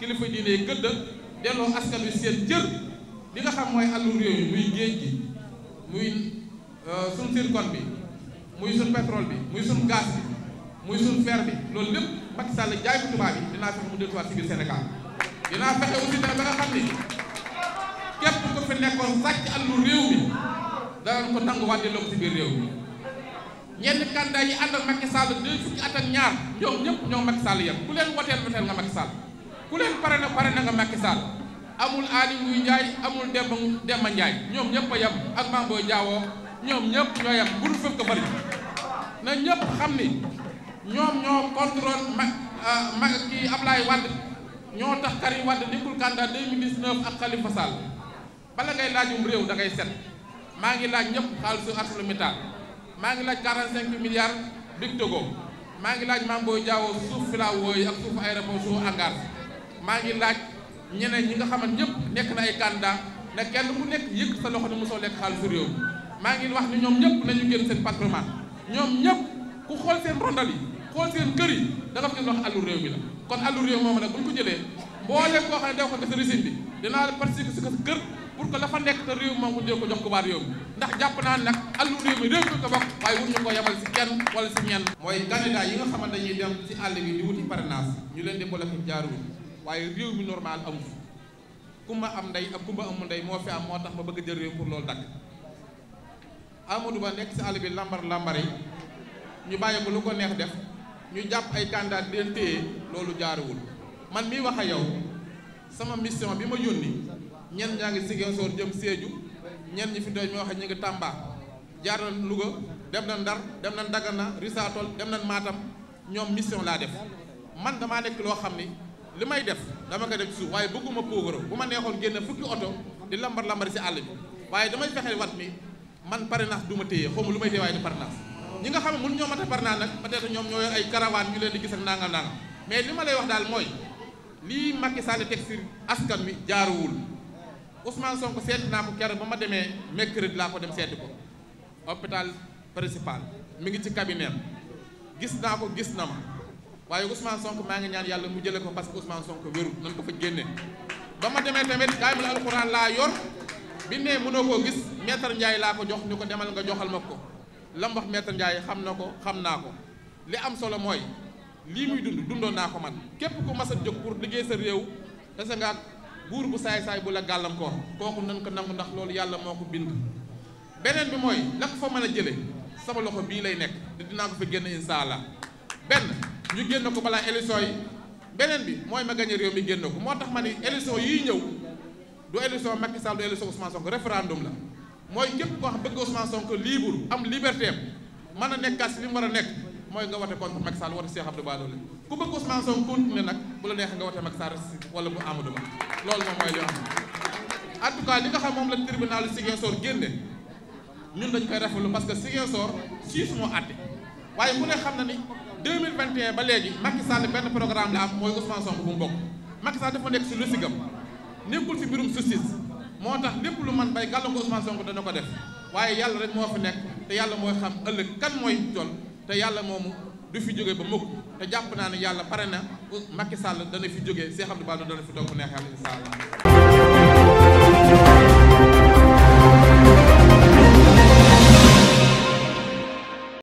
kilifa diine yi gëdd delloo askan wi seen jër li nga xam mooy allur yooyu muy géej gi muy euh, suñ zircon bi muy suñ pétrole bi muy suñ gaz bi muy suñ fer bi loolu lépp Macky Sall jaay ko tubaab yi dinaa fexe mu delluwaat si biir Sénégal ba nga xam ni képp ku fi nekkoon sàcc allur réew mi danañ ko nanguwaat delloo ko si biir réew mi ñenn candidat yi ànd ak Macky Sall fukki at ñaar ñoom ñëpp ñoo Macky Sall yem ku leen woteel woteel nga Macky ku leen pare na pare na nga Macky amul Aly Ngouille Ndiaye amul Demba Demba Ndiaye ñoom ñëpp a yem ak Mame Boye Diao ñëpp ñoo yem bu dul fëkk bëri na ñëpp xam ni ñoom ñoo contrôle mag euh, mag kii Ablaye Wade ñoo tax Karim Wade nekkul candidat 2019 ak Khalifa Sall bala ngay laajum réew da ngay set maa ngi laaj ñëpp xaalisu ArcelorMittal maa ngi laaj 45 milliards Big Togo maa ngi laaj Mame Boye Diao suuf filawooyu ak suuf aéroport suuf hangar maa ngi laaj ñeneen ñi nga xamante ñëpp nekk na ay candidat ne kenn mu nekk yëg sa loxo ne mosoo lekk xaalisu réew maa ngi wax ni ñoom ñëpp nañu génn seen patrimoine ñoom ñëpp ku xool seen rondal yi xool seen kër yi da nga fi wax allu réew mi la kon allu réew moom nag bu ñu ko jëlee mbooleem koo xam ne def ko nga sa régime bi dinaa la participer si kër pour que la nekk te réew moom mu jël ko jox ko baat réew mi ndax jàpp naa nag allu réew mi réew mi ko nga xamante dañuy dem si àll bi di waaye réew mi normal amu fi kumba am ndey ak kumba amu ndey moo fi am moo tax ma bëgg a jël réew pour loolu dakk Amadou Ba nekk si àll bi làmbar lambari ñu bàyyi ko lu ko neex def ñu jàpp ay candidat di téye loolu jaaruwul man mii wax a yow sama mission bi ma yónni ñenn ñaa ngi Ziguinchor jëm Sédhiou ñenn ñi fi doy ma wax ñu ngi Tamba jaar na Louga dem na Ndar dem na na Risatol dem na Matam ñoom mission laa def man damaa nekk loo xam ni. li may def dama nga def suuf waaye bëgguma poogaroo bu ma neexoon génn fukki oto di lambar lambar si àll bi waaye damay fexe wat mi man parrainage du ma téye xaw lu may téye waaye du ñi nga xam ne mën ñoo mat a parrainage nag peut-être ñoom ñoo yor ay caravane ñu leen di gis ak nangam nangam mais li ma lay wax daal mooy lii Macky Sall teg si wi jaaruwul Ousmane Sonko seeti naa ko keroog ba ma demee mercredi laa ko dem seeti ko hôpital pa mi ngi ci cabinet gis naa gis na ma waaye Ousmane Sonko maa ngi ñaan yàlla mu jële ko parce que Ousmane Sonko wéru nan ko fa génne ba ma demee tamit kaamil alxuraan laa yor bi ne mënoo koo gis maître Ndiaye laa ko jox ñu ko demal nga joxal ma ko lam wax maître Ndiaye xam na ko xam naa ko li am solo mooy lii muy dund dundoon naa ko man képp ku mas a jóg pour liggéey sa réew dese nga ak buur bu saay-saay bu la gàllankoor kooku nan ko nangu ndax loolu yàlla moo ko bind beneen bi mooy la ko fa mën a jële sama loxo bii lay nekk ko fa génn incha ñu génn ko balaa élection yi beneen bi mooy ma réew mi génn ko moo tax ma ni élection yii ñëw du élection Macky Sall du élection Ousmane Sonko référendum la mooy képp koo xam bëgg Ousmane Sonko libre am liberté mën a nekkaat si li mu war a nekk mooy nga wote contre Macky Sall wote Cheikh Abdou ku bëgg Ousmane Sonko continuer nag bu la neexee nga wote Macky Sall wala bu Amadou Ba loolu moom mooy li am en tout cas li nga xam moom la tribunal Ziguinchor génne ñun dañ koy que Ziguinchor siis moo àtte waaye mu ne xam na ni 2021 ba léegi Macky Sall benn programme la am mooy Ousmane Sonko bu mu bokk Macky Sall dafa nekk si lusigam nekkul si mbirum justice moo tax lépp lu man bay gàllan ko Ousmane Sonko dana ko def waaye yàlla rek moo fi nekk te yàlla mooy xam ëllëg kan mooy jol te yàlla moomu du fi jóge ba mukk te jàpp naa ne yàlla pare na Macky Sall dana fi jógee Cheikh Abdou Bara dana fi toog bu neex yàlla incha allah